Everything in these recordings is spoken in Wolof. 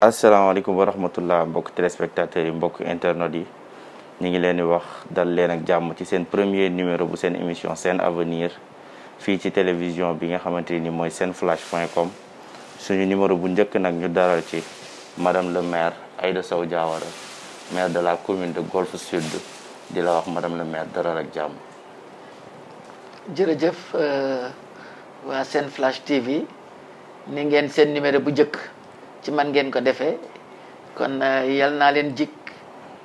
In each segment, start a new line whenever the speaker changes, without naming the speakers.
asalaamaaleykum wa rahmatullah mbokk téléspectateurs yi mbokk internet yi ñu ngi leen di wax dal leen ak jàmm ci seen premier numéro bu seen émission seen avenir fii ci télévision bi nga xamante ni mooy seen flash point com suñu numéro bu njëkk nag ñu daral ci madame le maire Aïda Sow Diawara maire de la commune de Golf Sud di la wax madame le maire dara ak jàmm.
jërëjëf euh, waa seen flash TV ni ngeen seen numéro bu njëkk. ci man ngeen ko defee kon euh, yal naa leen jik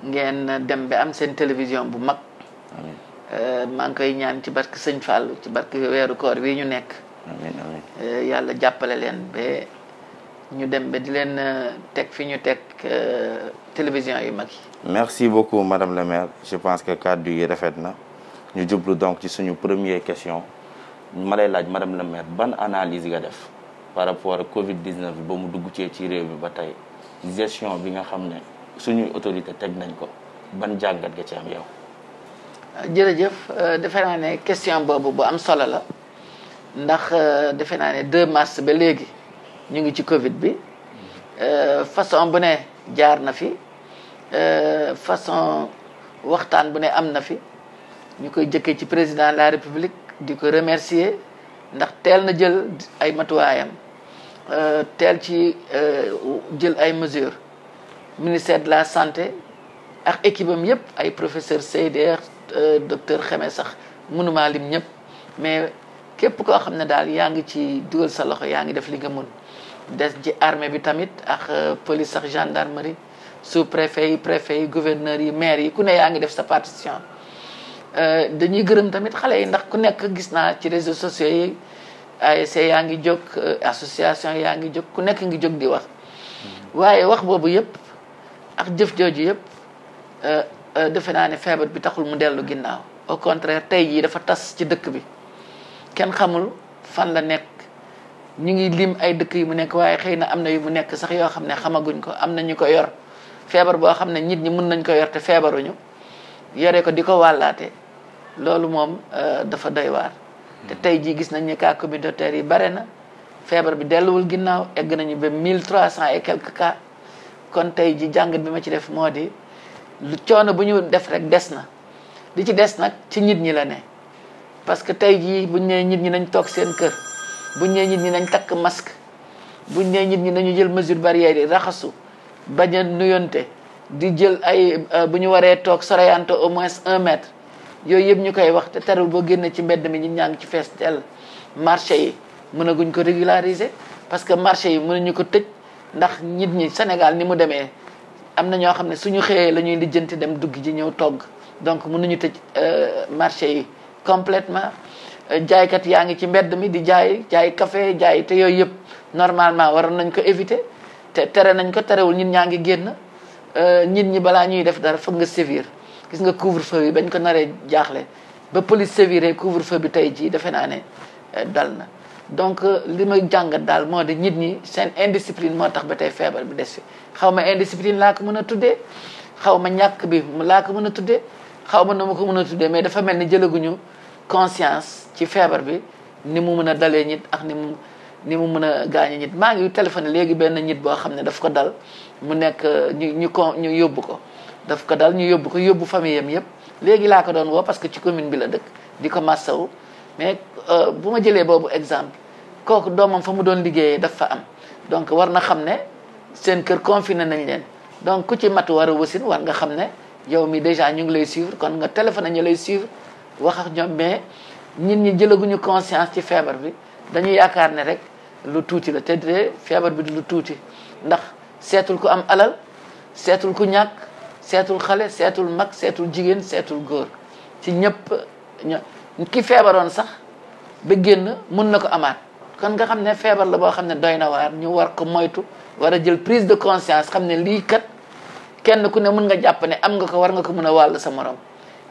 ngeen dem ba am seen télévision bu mag euh, maa ngi koy ñaan ci barke sëñ Fallou ci barke weeru koor wi ñu nekk euh, yàlla jàppale leen ba ñu dem ba di leen teg fi ñu teg télévision yu mag
yi merci beaucoup madame le maire je pense que kàddu yi rafet na ñu jublu donc ci suñu première question ma lay laaj madame le maire ban analyse nga def par rapport ak Covid 19 bi ba mu dugg cee ci réew mi ba tey gestion bi nga xam ne suñuy autorité teg nañ ko ban jàngat ga ci am yow.
Ah, jërëjëf euh, defe naa ne question boobu bu am solo la ndax euh, defe naa ne 2 mars ba léegi ñu ngi ci Covid bi euh, façon bu ne jaar na fi façon waxtaan bu ne am na fi ñu koy jëkkee ci président de la république di ko remercier ndax teel na jël ay matuwaayam. Euh, teel ci euh, jël ay mesures ministère de la santé ak équipe am yëpp ay professeur CDR euh, docteur Xeme sax mënumaa lim ñëpp mais képp koo xam ne daal yaa ngi ci dugal sa loxo yaa ngi def li nga des ci armée bi tamit ak police ak gendarmerie sous préfet yi préfet yi gouverneur yi maire yi ku ne yaa ngi def sa partition dañuy gërëm tamit xale yi ndax ku nekk gis naa ci réseau sociaux yi ASC yaa ngi jog eh, association yaa ngi jóg ku nekk ngi jóg di wax waaye wax boobu yépp ak jëf jooju yépp eh, eh, defe naa ne feebar bi taxul mu dellu ginnaaw au contraire tey yi dafa tas ci dëkk bi kenn xamul fan la nekk ñu ngi lim ay dëkk yu mu nekk waaye xëy na am na yu mu nekk sax yoo xam ne xamaguñ ko amna ñu ko yor feebar bo xam nit ñi mun nañ ko yor te feebaruñu yore ko di ko wàllaate loolu moom dafa doy waar te tey jii gis nañ ne cas communautaire yi bare na feebar bi delluwul ginnaaw egg nañu ba mille trois cent et quelques cas kon tey jii jàngat bi ma ci def moo di lu coono bu ñu def rek des na li ci des nag ci nit ñi la ne parce que tey jii buñ nee nit ñi nañ toog seen kër buñ nee nit ñi nañ takk masque buñ nee nit ñi nañu jël mesure barrière yi raxasu bañ a nuyonte di jël ay euh, bu ñu waree toog soreyante au moins un mètre Yoyib yëpp ñu koy wax te terewul boo génn ci mbedd mi ñun ñaa ngi ci fees dell marché yi mënaguñ ko régulariser parce que marché yi mënuñu ko ndax nit ñi Sénégal ni mu demee am na ñoo xam ne suñu xëyee la ñuy lijjanti dem dugg ji ñëw togg donc mënuñu tëj euh, marché yi complètement euh, jaaykat yaa ngi ci mbedd mi di jaay jaay café jaay te yooyu yëpp normalement waroon nañ ko éviter te tere nañ ko terewul nit ñaa ngi génn euh, nit ñi ñuy def dara nga sévir gis nga couvre-feu bi bañ ko naree jaaxle ba police sévère couvre-feu bi tey jii defe naa ne euh, dal na donc euh, li ma jàngat daal moo de nit ñi seen indiscipline moo tax ba tey feebar bi des fi xaw ma indiscipline laa ko mën a tuddee xaw ma ñàkk bi ko mën a tuddee xaw ma nu ma ko mën a tuddee mais dafa mel ni jëlaguñu conscience ci feebar bi ni mu mën a dalee nit ak ni mu ni mu mën a gaañe nit maa ngi téléphone léegi benn nit boo xam ne daf ko dal mu nekk euh, ñu ñu ko ñu yóbbu ko daf ko dal ñu yóbbu ko yóbbu famille am yëpp léegi laa ko doon woo parce que ci commune bi la dëkk di ko wu mais euh, bu ma jëlee boobu exemple kooku doomam fa mu doon liggéeyee daf fa am donc war na xam ne seen kër confiné nañ leen donc ku ci mat war a wasin war nga xam ne yow mi déjà ñu ngi lay suivre kon nga téléphone ñu lay suivre wax ak ñoom mais ñit ñi jëlaguñu conscience ci feebar bi dañu yaakaar ne rek lu tuuti la te de feebar bi du lu tuuti ndax seetul ku am alal seetul ku ñàkk seetul xale seetul mag seetul jigéen seetul góor ci ñëpp ki feebaroon sax ba génn mun na ko amaat kon nga xam ne feebar la boo xam ne doy na waar ñu war ko moytu war a jël prise de conscience xam ne lii kat kenn ku ne mun nga jàpp ne am nga ko war nga ko mën a wàll sa morom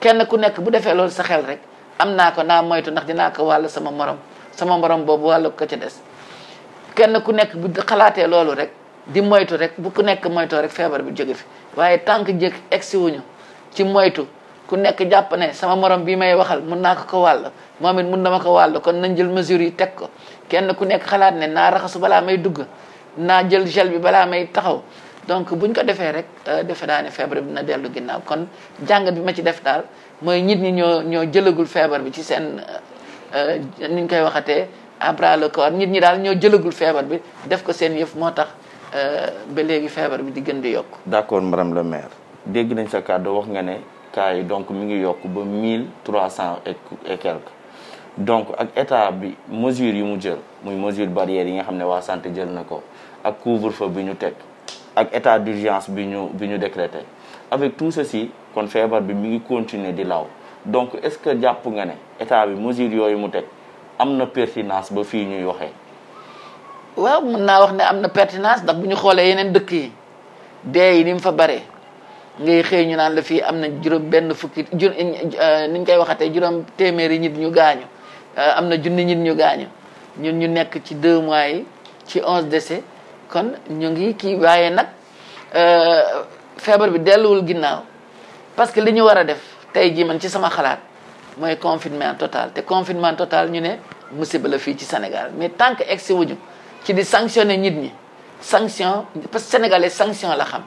kenn ku nekk bu defee loolu sa xel rek am naa ko naa moytu ndax dinaa ko wàll sama morom sama morom boobu wàll ko ci des kenn ku nekk bu xalaatee loolu rek di moytu rek bu ku nekk moytoo rek feebar bi jóge fi waaye tànk jëkk egsi wuñu ci moytu ku nekk jàpp ne sama morom bi may waxal mun naa ko ko wàll moom it mun na ma ko wàll kon nañ jël mesure yi teg ko kenn ku nekk xalaat ne naa raxasu balaa may dugg naa jël gel bi balaa may taxaw donc buñ ko defee rek defe naa ne feebar bi na dellu ginnaaw kon jàngat bi ma ci def daal mooy nit ñi ñoo ñoo jëlagul feebar bi ci seen euh, ni koy waxatee à bras nit ñi daal ñoo jëlagul feebar bi def ko seen yëf moo tax ba léegi feebar bi di gën
di yokk d' accord madame le maire dégg nañ sa kàddu wax nga ne cas yi donc mi ngi yokk ba mille trois cent et quelques donc ak état bi mesure yu mu jël muy mesure barrière yi nga xam ne waa santé jël na ko ak couvre-feu bi ñu teg ak état d' bi ñu bi ñu décrété avec tout ceci kon feebar bi mi ngi continuer di law donc est ce que jàpp nga ne état bi mesure yooyu mu teg am na pertinence ba fii ñuy waxee
waaw mën naa wax ne am na pertinence ndax bu ñu xoolee yeneen dëkk yi dee yi ni mu fa bare ngay xëy ñu naan la fii am na juróom benn fukki ju eh, eh, ni ñu koy waxatee juróom téeméeri nit ñu gaañu eh, am na junni nit ñu gaañu ñun ñu nekk ci deux mois yi ci onze décès kon ñu ngi kii waaye nag feebar bi delluwul ginnaaw parce que li ñu war a def tey jii man ci sama xalaat mooy confinement total te confinement total ñu ne musiba la fii ci Sénégal mais tant que egsi wuñu ci di sanctionner nit ñi sanction parce que sénégalais sanction la xam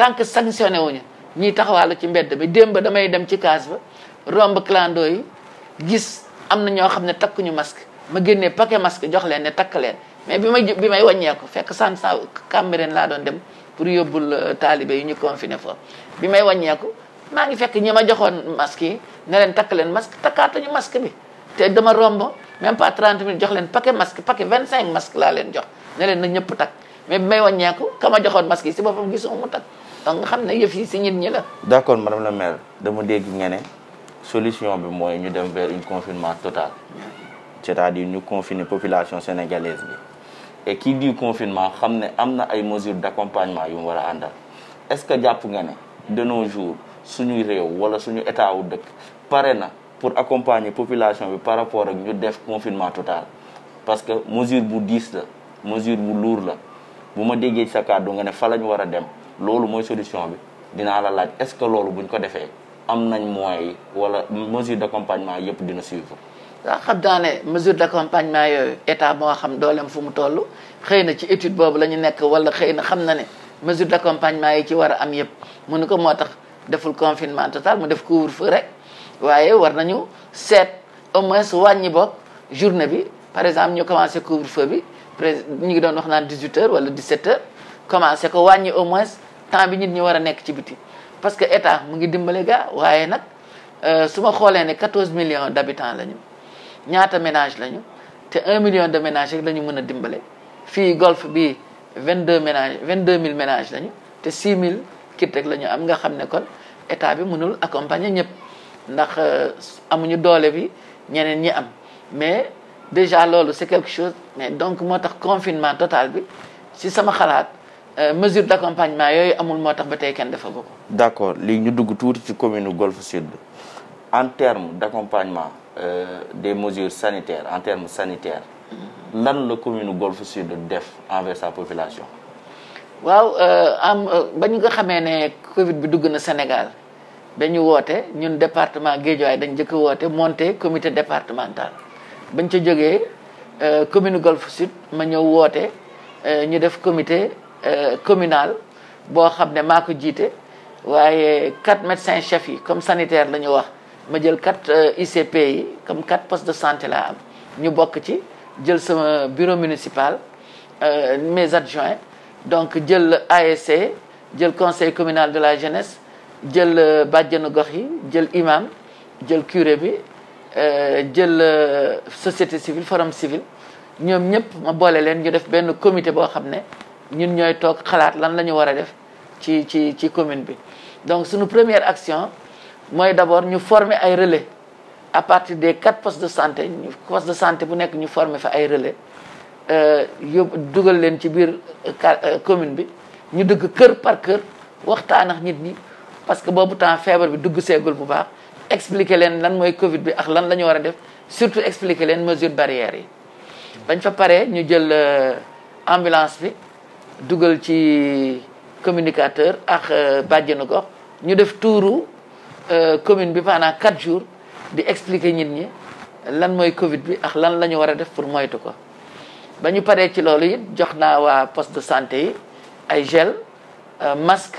tant que sanctionné wuñu ñi taxawalu ci mbedd bi démb damay dem ci case ba romb clando yi gis am na ñoo xam ne takkuñu masque ma génnee paquet masque jox leen ne takk leen mais bi may bi may wàññeeku fekk san sa cameroun laa doon dem pour yóbbul euh, taalibe yi ñu confiné foofu bi may wàññeeku maa ngi fekk ñi ma joxoon masque yi ne leen takk leen masque takkaatuñu masque bi te dama romb mem pas 30 minutes jox leen paquet masque paquet 25 masque laa leen jox ne leen na ñëpp takk mais bi may wàññeeku ka a joxoon masque yi si boppam gisuma mu takk donc nga xam ne yëf yi si nit ñi la.
d' accord madame la maire dama dégg nga ne solution bi mooy ñu dem vers une confinement total c' est à dire ñu confiner population sénégalaise bi et qui dit confinement xam ne am na ay mesures d' accompagnement yu war a àndal est ce que jàpp nga ne de jours suñuy réew wala suñu état wu dëkk na. pour accompagner population bi par rapport ak ñu def confinement total parce que mesure bu diis la mesure bu lourd la bu ma déggee sa kàddu nga ne fa la ñu war a dem loolu mooy solution bi dinaa la laaj est-ce que loolu buñ ko defee am nañ moyens ou wala mesure d'accompagnement yep dina suivre. da
xam mesure d'accompagnement yooyu état moo xam dolem fu mu toll xëy ci étude bobu lañu nek wala xeyna xam na ne mesure d'accompagnement yi ci wara a am yëpp mënu ko motax deful confinement total mu def couvre-feu rek. waaye war nañu seet au moins wàññi bopp journée bi par exemple ñu commencé couvre feu bi prés ñu ngi doon wax naan 18 heures wala 17 heures commencé ko wàññi au moins temps bi nit ñi war a nekk ci biti. parce que état mu ngi dimbale gaa waaye nag euh, su ma xoolee ne 14 millions d' habitants lañu ñaata ménage lañu te 1 million de ménage rek la mën a dimbale fii golf bi 22 vingt deux mille ménage lañu te 6 mille kit rek la ñu am nga xam ne kon état bi mënul accompagner ñëpp. ndax euh, amuñu doole bi ñeneen ñi am mais déjà loolu c'est quelque chose mais donc moo confinement total bi si sama xalaat euh, mesure d'accompagnement yooyu amul moo tax ba kenn ko.
d'accord nous ñu dugg tuuti ci commune Golfe Sud en terme d'accompagnement euh, des mesures sanitaires en terme sanitaire lan la commune Golfe Sud def envers sa population.
waaw am bañ que nga xamee ne Covid bi dugg na Sénégal dañu woté ñun département Guédiawaye dañu jëk woté monté comité départemental bañ ca euh commune Golf Sud ma ñëw euh ñu def comité euh, communal bo xamné mako jité wayé quatre médecins chefs comme sanitaire la wax ma jël quatre euh, ICP comme quatre postes de santé là, avons ñu bok ci jël sama bureau municipal euh, mes adjoints donc jël ASC jël conseil communal de la jeunesse jël euh, bàjjenu gox yi jël imam jël curé bi euh, jël euh, société civile forum civil ñom ñep ma bolé len ñu def benn comité bo xamné ñun ñoy tok xalaat lan lañu wara def ci ci ci commune bi. donc suñu première action moy d'abord ñu former ay relais à partir des quatre postes de santé ñu poste de santé bu nek ñu former fa ay relais yóbbu dugal len ci bir commune bi ñu dugg kër par kër waxtaan ak nit ñi. parce que boobu temps feebar bi dugg seegul bu baax expliquer leen lan mooy Covid bi ak lan la ñu war a def surtout explique leen mesure barrière yi. bañ fa pare ñu jël euh, ambulance bi dugal ci communicateur ak euh, bàjjenu gox ñu def tuuru euh, commune bi pendant quatre jours di expliquer nit ñi lan mooy Covid bi ak lan la ñu war a def pour moytu ko. bañu pare ci loolu it jox naa waa poste de santé yi ay gel masque.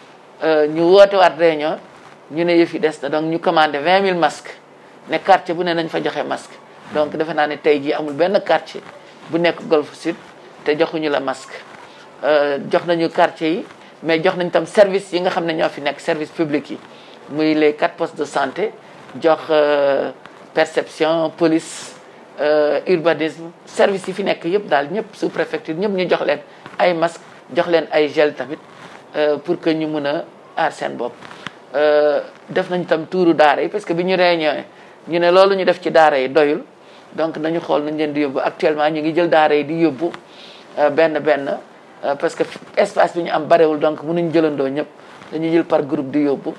Euh, ñu woote waat réunion ñu ne yëf yi des na donc ñu commandé 20 000 masques ne quartier bu nee nañ fa joxe masque donc defe naa ne tey jii amul benn quartier bu nekk Golf Sud te joxuñu la masque euh, jox nañu quartier yi mais jox nañ tam service yi nga xam ne ñoo fi nekk service public yi muy les quatre postes de santé jox euh, perception police urbanisme service yi fi nekk yëpp daal ñëpp sous préfecture ñëpp ñu jox leen ay masque jox leen ay gel tamit Euh, pour que ñu mun a aar seen bopp euh, def nañ tam tuuru daara yi parce que bi ñu réunion ñu ne loolu ñu def ci daara yi doyul donc nañu xool nañu leen di yóbbu actuellement ñu ngi jël daara yi di yóbbu euh, benn benn parce que espace bi ñu am barewul donc mënuñ jëlandoo ñëpp dañuy jël par groupe di yóbbu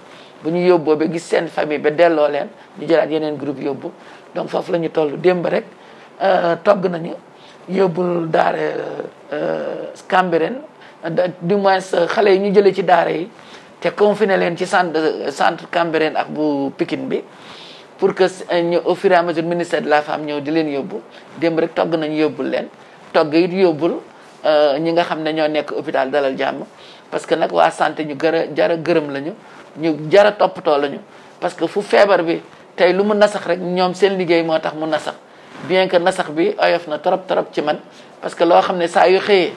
bu ñu yóbboo ba gis seen famille ba delloo leen ñu jëlaat yeneen groupe yóbbu donc foofu la ñu toll démb rek togg nañu yóbbul daara Cambérène du moins euh, xale yi ñu jëlee ci daara yi te confiné leen ci centre euh, centre Cambérène ak bu Pikine bi pour que euh, ñu au fur et à mesure ministère de la femme ñëw di leen yóbbu démb rek togg nañu yóbbul leen togg it yóbbul ñi nga xam ne ñoo nekk hôpital dalal jàmm parce que nag waa santé ñu gër jara gërëm lañu ñu jara toppatoo lañu parce que fu feebar bi tey lu mu nasax rek ñoom seen liggéey moo tax mu nasax bien que nasax bi oyof na trop trop ci man parce que loo yu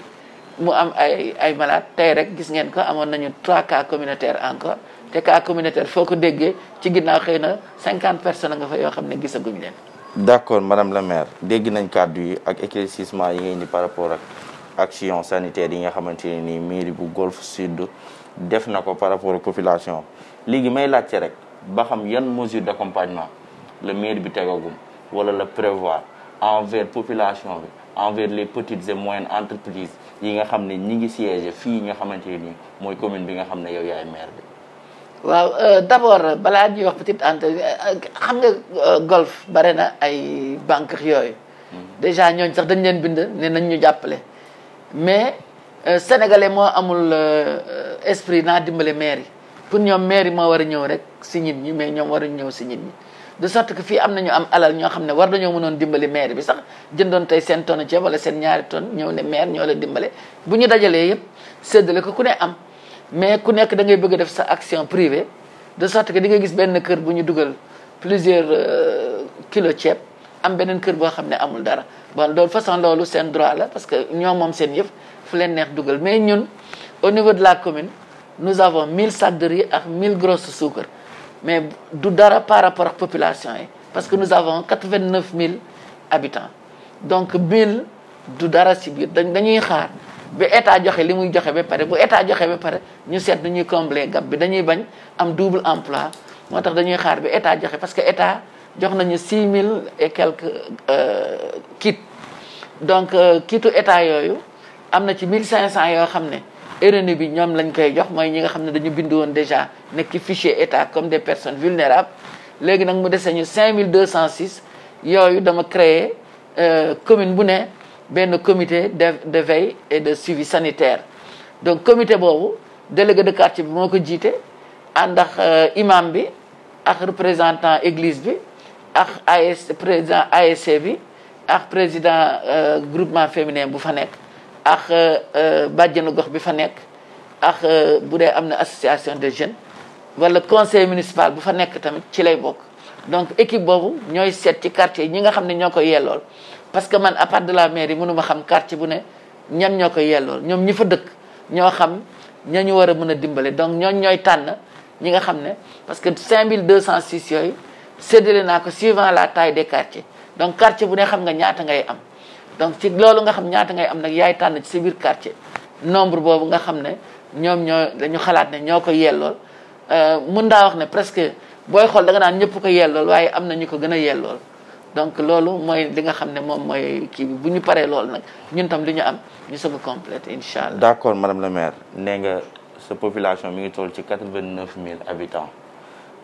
mu am ay ay malade tey rek gis ngeen ko amoon nañu trois cas communautaire encore te cas communautaire foo ko déggee ci ginnaaw xëy na cinquante personnes nga fa yoo xam ne gisaguñ leen.
d' accord madame la maire dégg nañ kàddu yi ak éclaircissement yi nga indi par rapport ak action sanitaire yi nga xamante ni mairie bu Golf Sud def na ko par rapport ak population léegi may laajte rek ba xam yan mesure d' accompagnement la mairie bi tegagum wala la prévoir envers population bi envers les petites et moyennes entreprises. yi nga xam ne ñi ngi siège fii nga xamante ni mooy commune bi nga xam ne yow yaay maire bi.
waaw euh, d'abord balaa ñuy wax ante antenne euh, xam nga euh, golf bare na ay banque yooyu. Mhm. déjà ñooñ sax dañ leen bind ne nañ ñu jàppale. mais sénégalais moo amul esprit naa dimbale maire yi pour ñoom maire yi moo war a ñëw rek si nit ñi mais ñoom waruñu ñëw si nit ñi. de sorte que fi am ñu am alal ño xam war nañoo mënon dimbali maire bi sax jëndon tay sen tonne ci wala sen ñaari tonne ñew ne maire ño la dimbale bu ñu dajalee yëpp séddale ko ku am mais ku nekk da ngay bëgg def sa action privée de sorte que di nga gis benn kër bu ñu duggal plusieurs euh, kilo ceeb am benen kër bo xam amul dara bon loolu façon lolu sen droit la parce que ñoom mom sen yef fu leen neex duggal mais ñun au niveau de la commune nous avons 1000 sacs de riz ak 1000 grosses sucre mais du dara par rapport à la population. parce que nous avons 89 000 habitants. Donc, 1000 du dara sibir. Donc, nous avons bi état joxe limuy joxe ba paré bu état joxe ba paré ñu sét dañuy combler gab bi dañuy bañ am double emploi motax dañuy xaar bi état joxe parce que état jox nañu 6000 et quelques euh kit donc euh, kitu état yoyu amna ci 1500 yo xamné RNU bi ñom lañ koy jox mooy ñi nga xamne dañu bindu woon déjà nek ci fichier état comme des personnes vulnérables légui nak mu déssé ñu 5206 yoyu dama créer euh, commune bu né ben comité de de veille et de suivi sanitaire donc comité bobu délégué de quartier bi moo ko euh, imam bi ak représentant église bi ak AS président ASC bi ak président euh, groupement féminin bu fa nekk ak euh, euh, bàjjenu gox bi fa nek ak euh, bu amna association de jeunes wala conseil municipal bu fa nek tamit ci lay bok donc équipe bobu ñoy seet ci quartier ñi nga xamné ñoko ñoo koy parce que man à part de la mairie mënuma xam quartier bu né ñan ñoko koy yellool ñoom ñi fa dëkk ño xam ñañu wara mëna dimbalé donc ñoñ ñoy tànn ñi nga xamné parce que 5206 yooyu séddale naa ko suivant la taille des quartiers donc quartier bu né xam nga ñaata ngay am donc ci loolu nga xam ñaata ngay am nag yaay tànn ci sa biir quartier nombre boobu nga xam ne ñoom ñoo dañu xalaat ne ñoo ko yellool euh, mun daa wax ne presque booy xool danga nga naan ñëpp ko yellool waaye am na ñu ko gën a yellool donc loolu mooy li nga xam ne moom mooy kii bu ñu paree lool nag ñun tam li ñu am ñu soog a complète
incha allah. d' accord madame la maire nee nga sa population mi ngi toll ci quatre vingt neuf mille habitants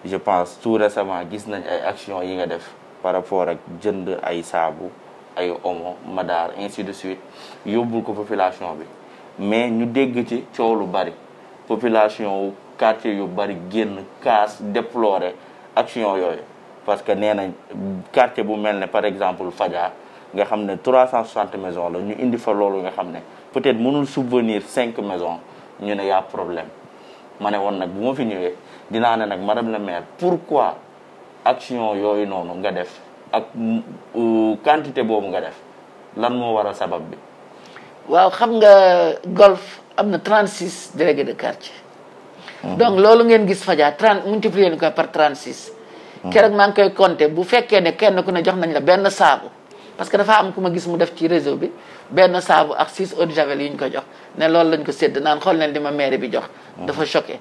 je pense tout récemment gis nañ ay actions yi nga def par rapport ak jënd ay saabu. ay Omo Madar, ainsi de suite beaucoup ko population bi mais ñu dégg ci coow lu bari population quartier yu bari génn casse, déplorer action yooyu parce que nee quartier bu mel par exemple Fadia nga xam ne 360 maisons la ñu indi fa loolu nga xam peut-être mënul souvenir cinq maisons ñu ne y'a problème ma ne woon nag bu ma fi ñëwee dinaa ne nag madame la maire pourquoi action yooyu noonu nga def ak quantité boobu nga def lan moo war a sabab bi.
waaw xam nga golf am na 36 délégués de quartier. Mhm. donc loolu ngeen gis Fadia 30 multiplier nañu ko par 36. Mhm. keroog maa ngi koy compter bu fekkee ne kenn ku ne jox nañ la benn saabu. parce que dafa am ku ma gis mu def ci réseau bi benn saabu ak 6 eau de javel yu ko jox ne loolu lañ ko sédd naan xool leen li ma mairie bi jox. Mhm. dafa choqué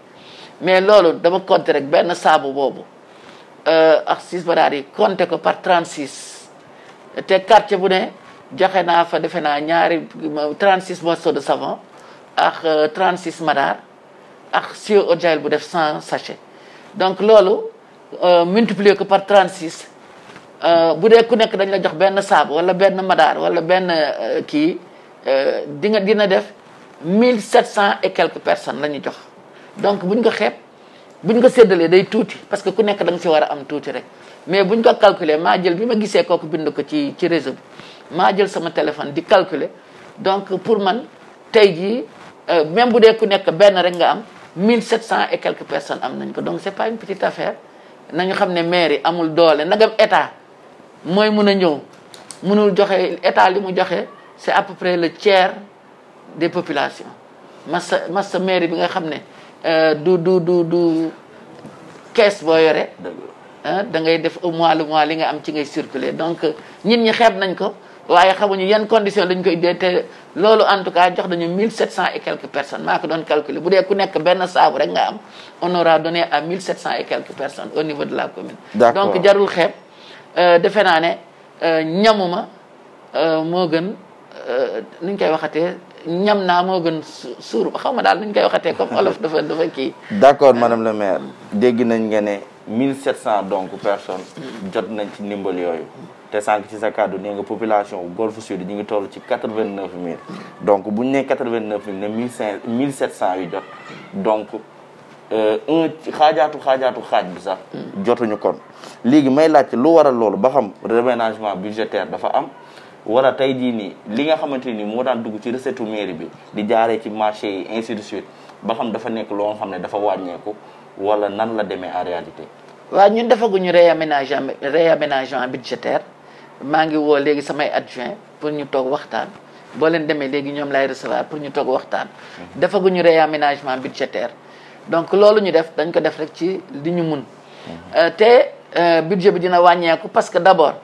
mais loolu dama compter rek benn saabu boobu. Euh, artiste ba daal di compté ko par 36 te quartier bu né joxe naa fa defe naa ñaari 36 morceaux de savon ak 36 euh, madar ak siu ojail bu def 100 sachets donc loolu euh, multiplier ko par 36 euh bu dé ku nek dañ la jox ben saabu wala ben madar wala benn euh, di nga dina def 1700 et quelques personnes lañu jox donc buñ ko xeeb bu ñu ko séddalee day tuuti parce que ku nekk danga nga si war a am tuuti rek mais buñ ko calculer maa jël bi ma gisee kooku bind ko ci ci réseau bi maa jël sama téléphone di calculer donc pour man tey jii euh, même bu dee ku nekk benn rek nga am 1700 et quelques personnes am nañ ko donc c'est pas une petite affaire nañu xam ne maire yi amul doole ndagam état mooy mun a ñëw mënul joxe état li mu joxe c'est à peu près le tiers des populations massa massa maire bi nga xam ne Euh, du du du du kees boo yore. Ah, da ngay def u mois le mois li nga am ci ngay circuler donc euh, nit ñi xeeb nañ ko waaye xamuñu yan condition lañ koy dee te loolu en tout cas jox nañu mille sept cent et quelques personnes maa ko doon calculer bu dee ku nekk benn saabu rek nga am on aura donné à mille sept cent et quelques personnes au niveau de la commune. donc jarul xeeb euh, defe naa ne ñamuma moo gën nuñ koy waxatee. ñam na mo gën suur xaw ma daal nañ koy waxate comme olof dafa dafa ki
d'accord madame le maire dégg nañ nga né 1700 donc personnes. jot nañ ci nimbal yoyu té sank ci sa cadre né nga population Golf Sud ñi ngi toll ci 89000. donc bu ñu 89000 né 1700 yu jot. donc euh, un xaajaatu xaajaatu xaaj bi sax. Mm. jotuñu kon léegi may laajte lu waral lolu ba xam réménagement budgétaire dafa am. wala tey jii nii li nga xamante ni moo daan dugg ci recette mairie bi di jaaree ci marché yi ainsi de suite ba xam dafa nekk loo xam ne dafa wàññeeku wala nan la demee en réalité.
waa ñun defaguñu réaménagement réaménagement budgétaire maa ngi woo léegi samay adjoint pour ñu toog waxtaan boo leen demee léegi ñoom lay recevoir pour ñu toog waxtaan. Mhm. defaguñu réaménagement budgétaire donc loolu ñu def dañ ko def rek ci li ñu mun. Mhm. Euh, te euh, budget bi dina wàññeeku parce que d'abord.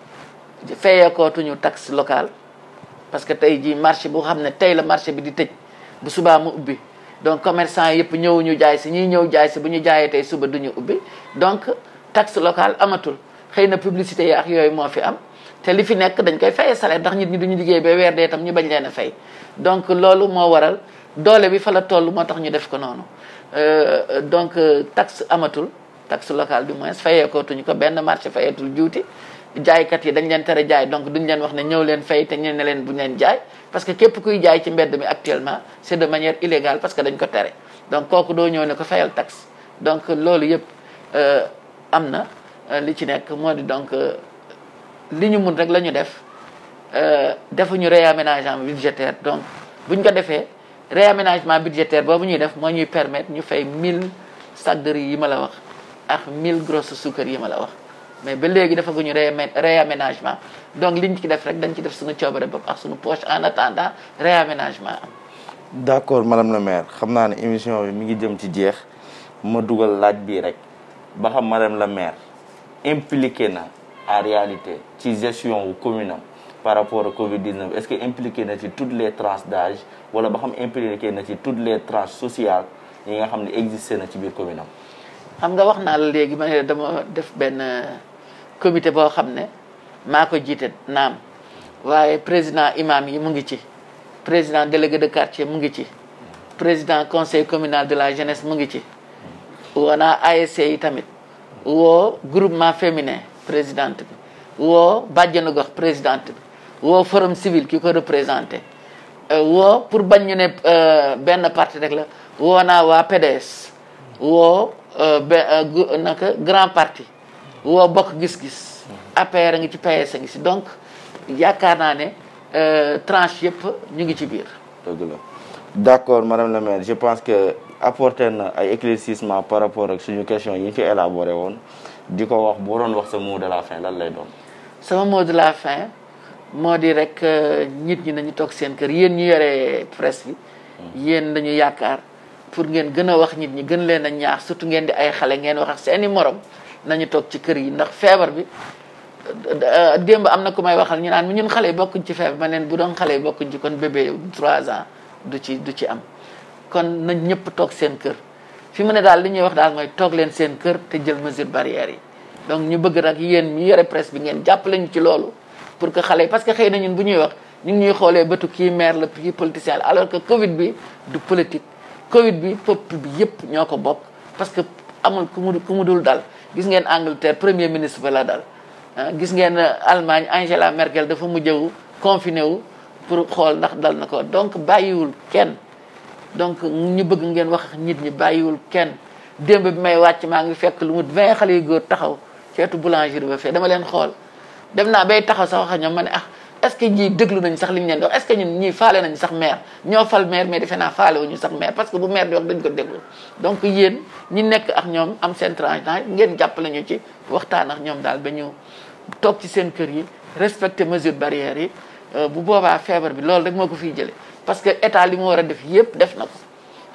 feyekootuñu taxe locale parce que pas jii marché bu xam ne la marché bi di tëj bu subaa mu ubbi donc commerçant yëpp ñëwuñu jaay si ñiy ñëw jaay si bu ñu jaayee tey suba duñu ubbi donc taxe amatul xëy na publicité yi ak yooyu moo fi am te li fi nekk dañ koy fayee salaire ndax nit ñi duñu liggéey ba weer dee tam ñu bañ leen fay donc loolu moo waral doole bi fa la tax ñu def ko euh, donc taxe amatul taxe local du moins fayee ko tuñ ko benn marché fayeetul juuti jaaykat yi dañ leen tere jaay donc duñ leen wax ne ñëw leen fay te ñu ne leen buñ leen jaay parce que képp kuy jaay ci mbedd mi actuellement c'est de manière illégale parce que dañ ko tere donc kooku doo ñëw ne ko fayal taxe donc loolu yëpp euh, am na euh, li ci nekk moo di donc euh, li ñu mun rek la ñu def defuñu réaménagement budgétaire donc buñ ko defee réaménagement budgétaire boobu ñuy def moo ñuy permettre ñu fay mille sacs de riz yi ma la wax ak mille grosses sucres yi ma la wax mais ba léegi un réaménagement donc liñ ci def rek dañ ci def suñu coobare bopp ak suñu poche en attendant réaménagement
D'accord, madame la maire xam naa ne émission bi mi ngi jëm ci jeex ma dugal laaj rek ba madame la maire impliqué na en réalité la gestion du commune par rapport au Covid 19 est ce qu'elle impliqué na ci toutes les tranches d'âge ou wala ba xam impliqué na ci toutes les tranches sociales qui nga xam ne existé na ci biir commune
xam nga wax naa ma comité boo xam ne maa ko jiite naam waaye président imam yi mu ngi ci président délégué de quartier mu ngi ci président conseil communal de la jeunesse mu ngi ci woo naa yi tamit woo groupement féminin présidente woo bàjjenu gox présidente woo forum civil ki ko représenté euh, woo pour bañ ñu ne euh, benn parti rek la woo waa PDS woo euh, grand partie woo bokk gis-gis. APR a ngi ci PS a ngi si donc yaakaar naa ne euh, tranche yëpp ñu ngi ci biir.
dëgg d' accord madame la maire je pense que apporter na ay éclaircissement par rapport ak suñu question yi ñu fi élaboré woon di ko wax boo doon wax sa mot de la fin lan lay doon. sama mot de la fin moo di rek euh, nit ñi nañu toog seen kër yéen ñu
yore presse bi. Hmm. yéen dañu yaakaar pour ngeen gën a wax nit ñi gën leen a ñaax surtout ngeen di ay xale ngeen wax ak seeni morom. nañu toog ci kër yi ndax feebar bi euh, démb am na ku may waxal ñu naan ñun xale yi bokkuñ ci feebar ma leen bu doon xale yi bokkuñ ci kon bébé trois ans du ci du ci am kon nañ ñëpp toog seen kër fi mu ne daal li ñuy wax daal mooy toog leen seen kër te jël mesure barrière yi donc ñu bëgg nag yéen ñi yore presse bi ngeen jàpp ñu ci loolu pour que xale yi parce que xëy na ñun bu ñuy wax ñu ngi ñuy xoolee bëtu kii maire la kii politicien la alors que Covid bi du politique Covid bi peuple bi yëpp ñoo ko bokk parce que amul ku mu ku mu dal gis ngeen Angleterre premier ministre bala dal ah, gis ngeen euh, Allemagne Angela Merkel dafa mujjëwu confiné wu pour xool ndax dal na ko donc bàyyiwul kenn donc ñu bëgg ngeen wax nit ñi bàyyiwul kenn démb bi may wàcc maa ngi fekk lu mu vingt xale yu góor taxaw ceetu boulangerie ba fee dama leen xool dem naa bay taxaw sax wax ñoom ma ne ah est ce que ñii déglu nañ sax li ñu leen di wax est ce que ñun ñii faale nañ sax maire ñoo fal maire mais defe naa faale wuñu sax maire parce que bu maire di wax dañ ko déglu donc yéen ñi nekk ak ñoom am seen tranche ngeen jàppale ñu ci waxtaan ak ñoom daal ba ñu toog ci seen kër yi respecter mesure barrières yi euh, bu boobaa feebar bi loolu rek moo ko fi jëlee parce que état li mu war a def yépp def na ko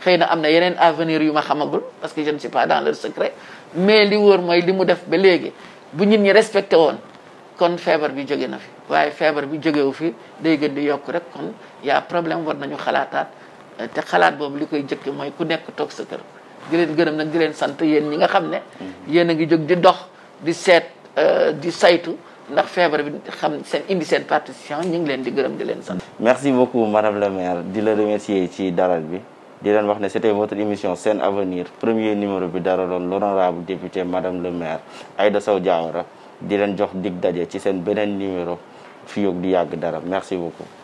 xëy na am na yeneen avenir yu ma xamagul parce que je ne suis pas dans leur secret mais li wóor mooy li mu def ba léegi bu nit ñi respecté woon kon feebar bi jóge na fi waaye feebar bi jógewu fi day gën di yokk rek kon yaa problème war nañu xalaataat te xalaat boobu li koy jëkk mooy ku nekk toog sa kër di leen gërëm nag di leen sant yéen ñi nga xam ne mm-hmm. yéen a ngi jóg di dox di seet euh, di saytu ndax feebar bi xam seen indi seen partition ñu ngi leen di gërëm di leen sant
merci beaucoup madame la maire di la remercier ci dalal bi di leen wax ne c'était votre émission seen Avenir premier numéro bi daraloon l'honorable député madame le maire Aïda Sow Diawara jox dig numéro merci beaucoup